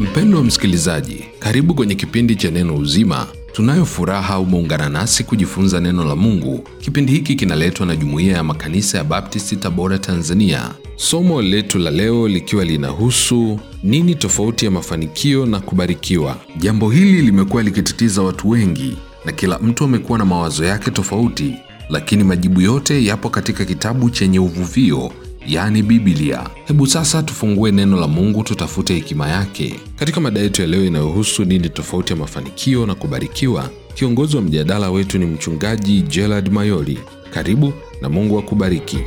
Mpendo wa msikilizaji, karibu kwenye kipindi cha Neno Uzima. Tunayo furaha umeungana nasi kujifunza neno la Mungu. Kipindi hiki kinaletwa na Jumuiya ya Makanisa ya Baptisti, Tabora, Tanzania. Somo letu la leo likiwa linahusu nini tofauti ya mafanikio na kubarikiwa. Jambo hili limekuwa likitatiza watu wengi na kila mtu amekuwa na mawazo yake tofauti, lakini majibu yote yapo katika kitabu chenye uvuvio yaani Biblia. Hebu sasa tufungue neno la Mungu, tutafute hekima yake katika mada yetu ya leo inayohusu nini tofauti ya mafanikio na kubarikiwa. Kiongozi wa mjadala wetu ni Mchungaji Gerald Mayoli. Karibu na Mungu akubariki.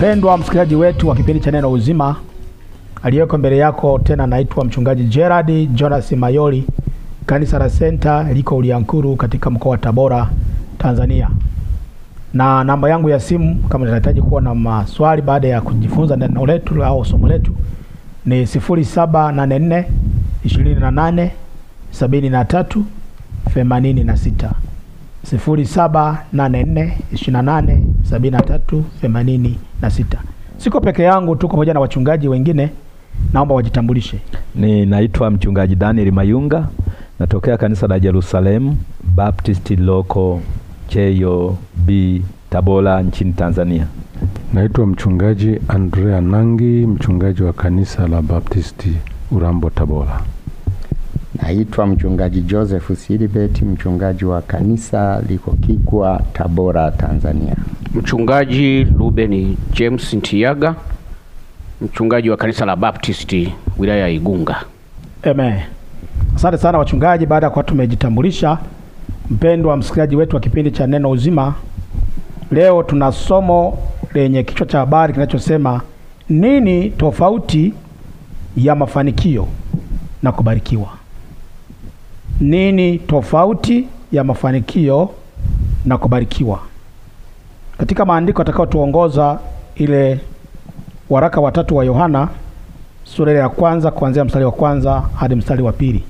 Mpendwa msikilizaji wetu wa kipindi cha Neno Uzima, aliyeko mbele yako tena naitwa Mchungaji Gerard Jonas Mayoli, kanisa la Senta liko Uliankuru katika mkoa wa Tabora, Tanzania, na namba yangu ya simu kama unahitaji kuwa na maswali baada ya kujifunza neno letu au somo letu ni 0784 28 73 86 73 Siko peke yangu, tuko pamoja na wachungaji wengine, naomba wajitambulishe. Ni naitwa mchungaji Daniel Mayunga, natokea kanisa la Jerusalem Baptist Loko Cheyo B Tabora nchini Tanzania. Naitwa mchungaji Andrea Nangi, mchungaji wa kanisa la Baptisti Urambo Tabora. Naitwa mchungaji Joseph Silibeti, mchungaji wa kanisa liko Kigwa, Tabora, Tanzania. Mchungaji Ruben James Ntiyaga, mchungaji wa kanisa la Baptisti wilaya ya Igunga. Amen. Asante sana wachungaji, baada ya kuwa tumejitambulisha, mpendwa msikilizaji wetu wa kipindi cha Neno Uzima, leo tuna somo lenye kichwa cha habari kinachosema nini tofauti ya mafanikio na kubarikiwa. Nini tofauti ya mafanikio na kubarikiwa? Katika maandiko atakayotuongoza ile waraka watatu wa Yohana sura ya kwanza kuanzia mstari wa kwanza hadi mstari wa pili.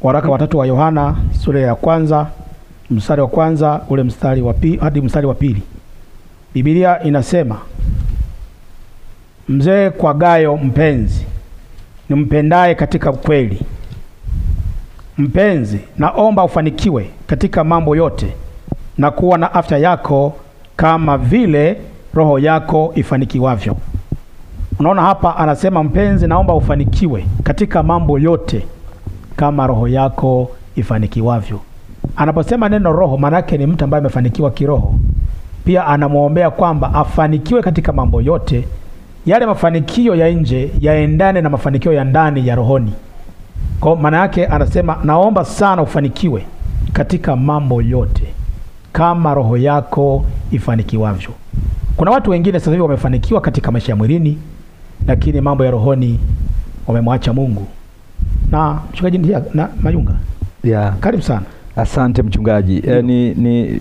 Waraka watatu wa Yohana sura ya kwanza mstari wa kwanza ule mstari wa pili hadi mstari wa pili. Biblia inasema mzee kwa Gayo mpenzi, nimpendaye katika kweli Mpenzi, naomba ufanikiwe katika mambo yote na kuwa na afya yako kama vile roho yako ifanikiwavyo. Unaona hapa anasema, mpenzi, naomba ufanikiwe katika mambo yote kama roho yako ifanikiwavyo. Anaposema neno roho, maanake ni mtu ambaye amefanikiwa kiroho. Pia anamwombea kwamba afanikiwe katika mambo yote, yale mafanikio ya nje yaendane na mafanikio ya ndani ya rohoni. Kwa maana yake anasema naomba sana ufanikiwe katika mambo yote kama roho yako ifanikiwavyo. Kuna watu wengine sasa hivi wamefanikiwa katika maisha ya mwilini, lakini mambo ya rohoni wamemwacha Mungu. Na mchungaji Ndia, na Mayunga yeah. Karibu sana asante mchungaji. E, ni, ni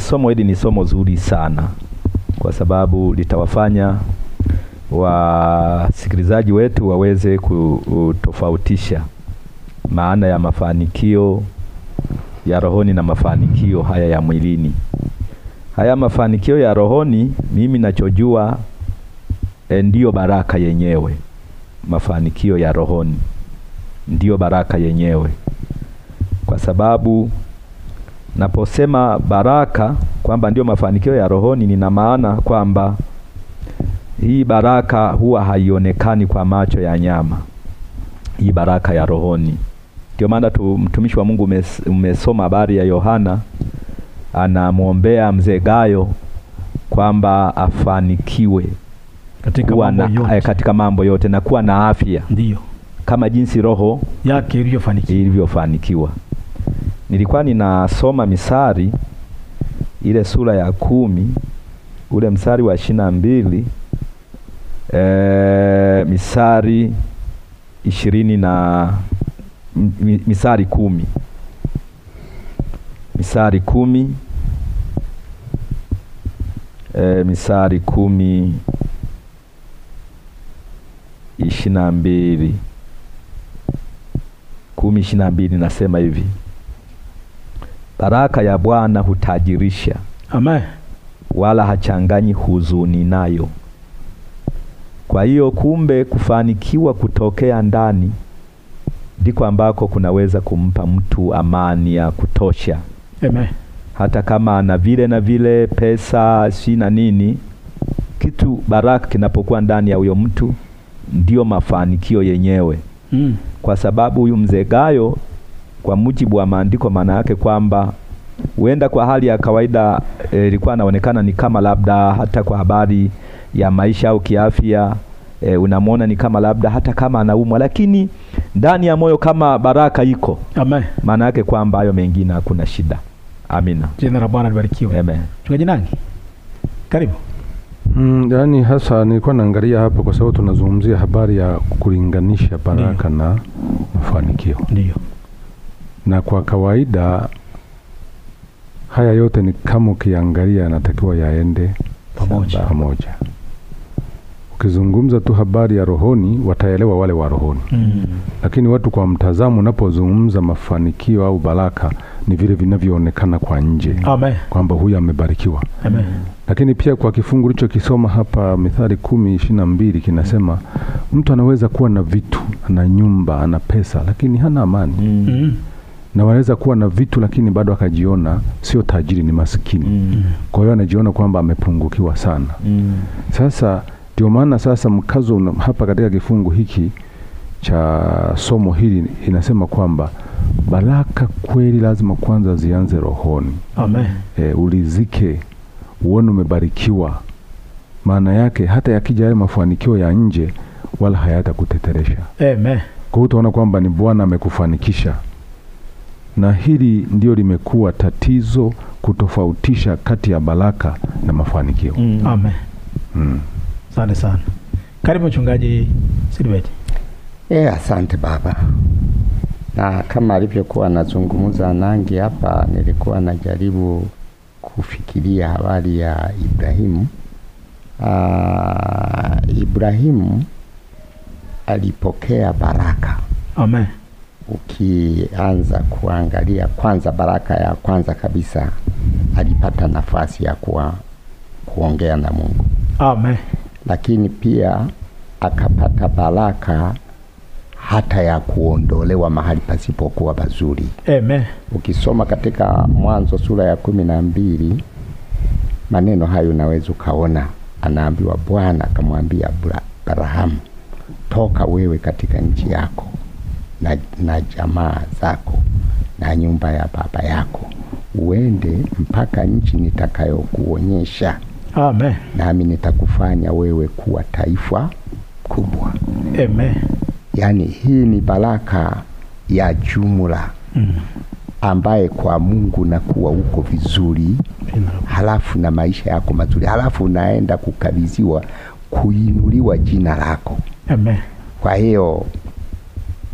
somo hili ni somo zuri sana kwa sababu litawafanya wasikilizaji wetu waweze kutofautisha maana ya mafanikio ya rohoni na mafanikio haya ya mwilini. Haya mafanikio ya rohoni, mimi nachojua e, ndiyo baraka yenyewe. Mafanikio ya rohoni ndiyo baraka yenyewe, kwa sababu naposema baraka kwamba ndio mafanikio ya rohoni, nina maana kwamba hii baraka huwa haionekani kwa macho ya nyama, hii baraka ya rohoni ndio maana tu mtumishi wa Mungu umesoma habari ya Yohana anamwombea mzee Gayo kwamba afanikiwe katika mambo, na, yote. Eh, katika mambo yote na kuwa na afya ndio kama jinsi roho yake ilivyofanikiwa ilivyofanikiwa. Nilikuwa ninasoma misari ile sura ya kumi ule msari wa ishirini na mbili e, misari ishirini na misari kumi misari kumi e, misari kumi ishirini na mbili kumi ishirini na mbili nasema hivi baraka ya Bwana hutajirisha Amen. wala hachanganyi huzuni nayo. Kwa hiyo kumbe, kufanikiwa kutokea ndani ndiko ambako kunaweza kumpa mtu amani ya kutosha. Amen. Hata kama ana vile na vile pesa si na nini, kitu baraka kinapokuwa ndani ya huyo mtu ndiyo mafanikio yenyewe mm. Kwa sababu huyu mzee Gayo, kwa mujibu wa maandiko, maana yake kwamba huenda kwa hali ya kawaida eh, ilikuwa e, anaonekana ni kama labda hata kwa habari ya maisha au kiafya e, unamwona ni kama labda hata kama anaumwa, lakini ndani ya moyo kama baraka iko, amen, maana yake kwamba hayo mengine hakuna shida. Amina. Jina la Bwana libarikiwe. Amen. Mchungaji nani, karibu. Mm, yani hasa nilikuwa naangalia hapa kwa sababu tunazungumzia habari ya kulinganisha baraka Ndiyo. na mafanikio. Ndiyo. Na kwa kawaida haya yote ni kama ukiangalia yanatakiwa yaende pamoja. pamoja ukizungumza tu habari ya rohoni wataelewa wale wa rohoni mm. Lakini watu kwa mtazamo, unapozungumza mafanikio au baraka ni vile vinavyoonekana kwa nje kwamba huyu amebarikiwa. Amen. Lakini pia kwa kifungu ulichokisoma hapa Mithali kumi ishirini na mbili kinasema mtu anaweza kuwa na vitu, ana nyumba, ana pesa, lakini hana amani mm. mm. Na wanaweza kuwa na vitu lakini bado akajiona sio tajiri, ni masikini mm. Kwa hiyo anajiona kwamba amepungukiwa sana mm. Sasa ndio maana sasa mkazo hapa katika kifungu hiki cha somo hili inasema kwamba baraka kweli lazima kwanza zianze rohoni. Amen. E, ulizike uone umebarikiwa. Maana yake hata yakija yale mafanikio ya nje wala hayatakuteteresha. Amen. Kwa hiyo utaona kwamba ni Bwana amekufanikisha, na hili ndio limekuwa tatizo, kutofautisha kati ya baraka na mafanikio. Mm. Amen. Mm. Asante sana. Karibu mchungaji Silvet. Yeah, asante baba. Na kama alivyokuwa anazungumza nangi hapa, nilikuwa najaribu kufikiria habari ya Ibrahimu. Aa, ah, Ibrahimu alipokea baraka. Amen. Ukianza kuangalia kwanza, baraka ya kwanza kabisa alipata nafasi ya kuwa kuongea na Mungu. Amen lakini pia akapata baraka hata ya kuondolewa mahali pasipokuwa pazuri. Amen. Ukisoma katika Mwanzo sura ya kumi na mbili maneno hayo unaweza ukaona, anaambiwa Bwana akamwambia Abrahamu, toka wewe katika nchi yako na, na jamaa zako na nyumba ya baba yako uende mpaka nchi nitakayokuonyesha. Amen. Nami nitakufanya wewe kuwa taifa kubwa. Amen. Yaani hii ni baraka ya jumla mm. ambaye kwa Mungu nakuwa uko vizuri Amen. halafu na maisha yako mazuri, halafu unaenda kukabidhiwa kuinuliwa jina lako Amen. Kwa hiyo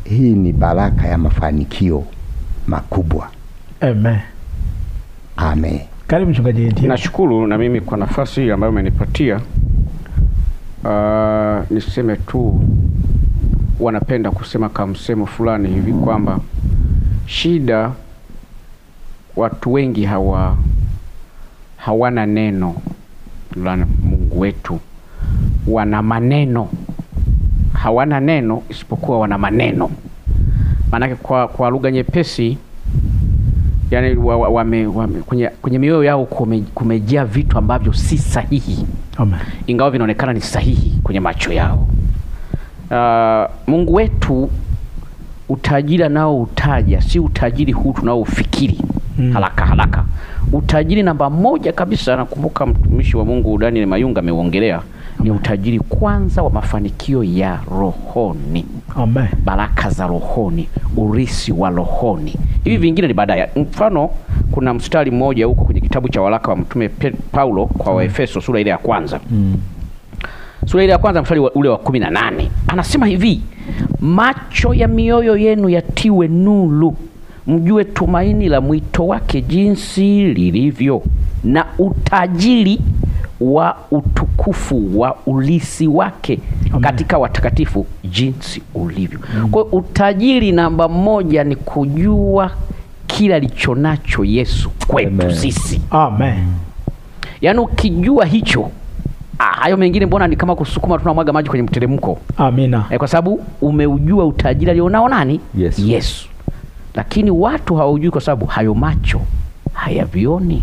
hii ni baraka ya mafanikio makubwa Amen. Amen. Karibu mchungaji Eddie. Nashukuru na mimi kwa nafasi hii ambayo umenipatia. Uh, niseme tu wanapenda kusema kama msemo fulani hivi kwamba shida, watu wengi hawa hawana neno la Mungu wetu, wana maneno, hawana neno isipokuwa wana maneno. Maanake kwa, kwa lugha nyepesi yani wa, wa, wa, wame, kwenye, kwenye mioyo yao kume, kumejaa vitu ambavyo si sahihi Amen. ingawa vinaonekana ni sahihi kwenye macho yao. Uh, Mungu wetu utajiri utaja si utajiri huu tunaoufikiri mm. haraka haraka. Utajiri namba moja kabisa, nakumbuka mtumishi wa Mungu Daniel Mayunga ameuongelea ni utajiri kwanza wa mafanikio ya rohoni. Amen. Baraka za rohoni, urisi wa rohoni, hivi vingine ni baadaye. Mfano, kuna mstari mmoja huko kwenye kitabu cha waraka wa mtume Paulo kwa mm. Waefeso sura ile ya kwanza mm. sura ile ya kwanza mstari ule wa kumi na nane anasema hivi, macho ya mioyo yenu yatiwe nuru, mjue tumaini la mwito wake jinsi lilivyo na utajiri wa utukufu wa ulisi wake Amen. katika watakatifu jinsi ulivyo. Mm. Kwa utajiri namba moja ni kujua kila alicho nacho Yesu kwetu Amen. sisi Amen. Yaani ukijua hicho Ah, hayo mengine mbona ni kama kusukuma tunamwaga maji kwenye mteremko. Amina. Eh, kwa sababu umeujua utajiri alionao nani? Yesu. Yesu. Lakini watu hawajui kwa sababu hayo macho hayavioni.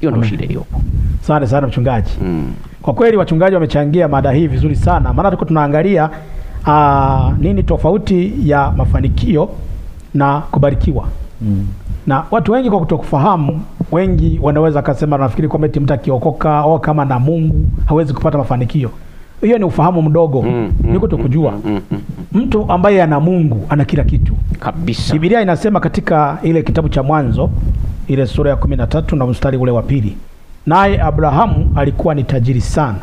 Hiyo ndio shida iliyopo. Asante sana mchungaji. Mm. Kwa kweli wachungaji wamechangia mada hii vizuri sana, maana tuko tunaangalia aa, ah, nini tofauti ya mafanikio na kubarikiwa. Mm. Na watu wengi kwa kutokufahamu, wengi wanaweza kasema, nafikiri kwamba eti mtu akiokoka au kama na Mungu hawezi kupata mafanikio. Hiyo ni ufahamu mdogo, mm, mm, ni kutokujua. Mm, mm, mm. mm. Mtu ambaye ana Mungu ana kila kitu kabisa. Biblia inasema katika ile kitabu cha Mwanzo ile sura ya kumi na tatu na mstari ule wa pili. Naye Abrahamu alikuwa ni tajiri sana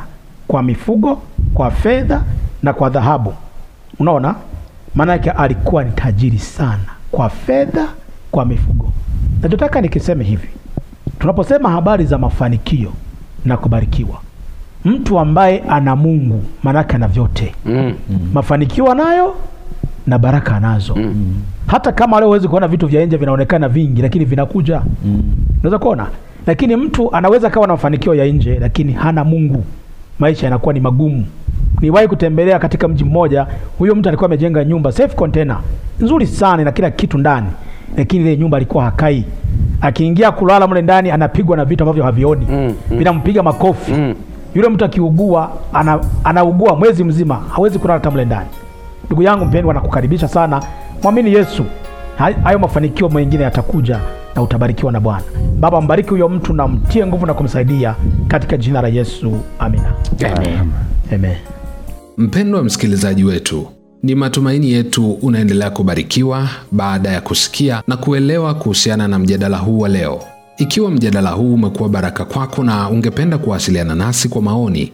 kwa mifugo, kwa fedha na kwa dhahabu. Unaona, maana yake alikuwa ni tajiri sana kwa fedha, kwa mifugo. Nachotaka nikiseme hivi, tunaposema habari za mafanikio na kubarikiwa, mtu ambaye ana Mungu maana yake ana vyote mm. Mafanikio anayo na baraka anazo mm. Hata kama leo huwezi kuona vitu vya nje vinaonekana vingi, lakini vinakuja mm. Unaweza kuona, lakini mtu anaweza kawa na mafanikio ya nje, lakini hana Mungu, maisha yanakuwa ni magumu. Niwahi kutembelea katika mji mmoja, huyo mtu alikuwa amejenga nyumba safe container nzuri sana na kila kitu ndani, lakini ile nyumba alikuwa hakai. Akiingia kulala mle ndani anapigwa na vitu ambavyo havioni mm, mm. vinampiga makofi mm. Yule mtu akiugua ana, anaugua mwezi mzima hawezi kulala hata mle ndani. Ndugu yangu mpendwa, nakukaribisha sana, mwamini Yesu. Hayo mafanikio mengine yatakuja na utabarikiwa na Bwana. Baba, mbariki huyo mtu na mtie nguvu na kumsaidia katika jina la Yesu, amina. Amen. Amen. Mpendwa msikilizaji wetu, ni matumaini yetu unaendelea kubarikiwa baada ya kusikia na kuelewa kuhusiana na mjadala huu wa leo. Ikiwa mjadala huu umekuwa baraka kwako na ungependa kuwasiliana nasi kwa maoni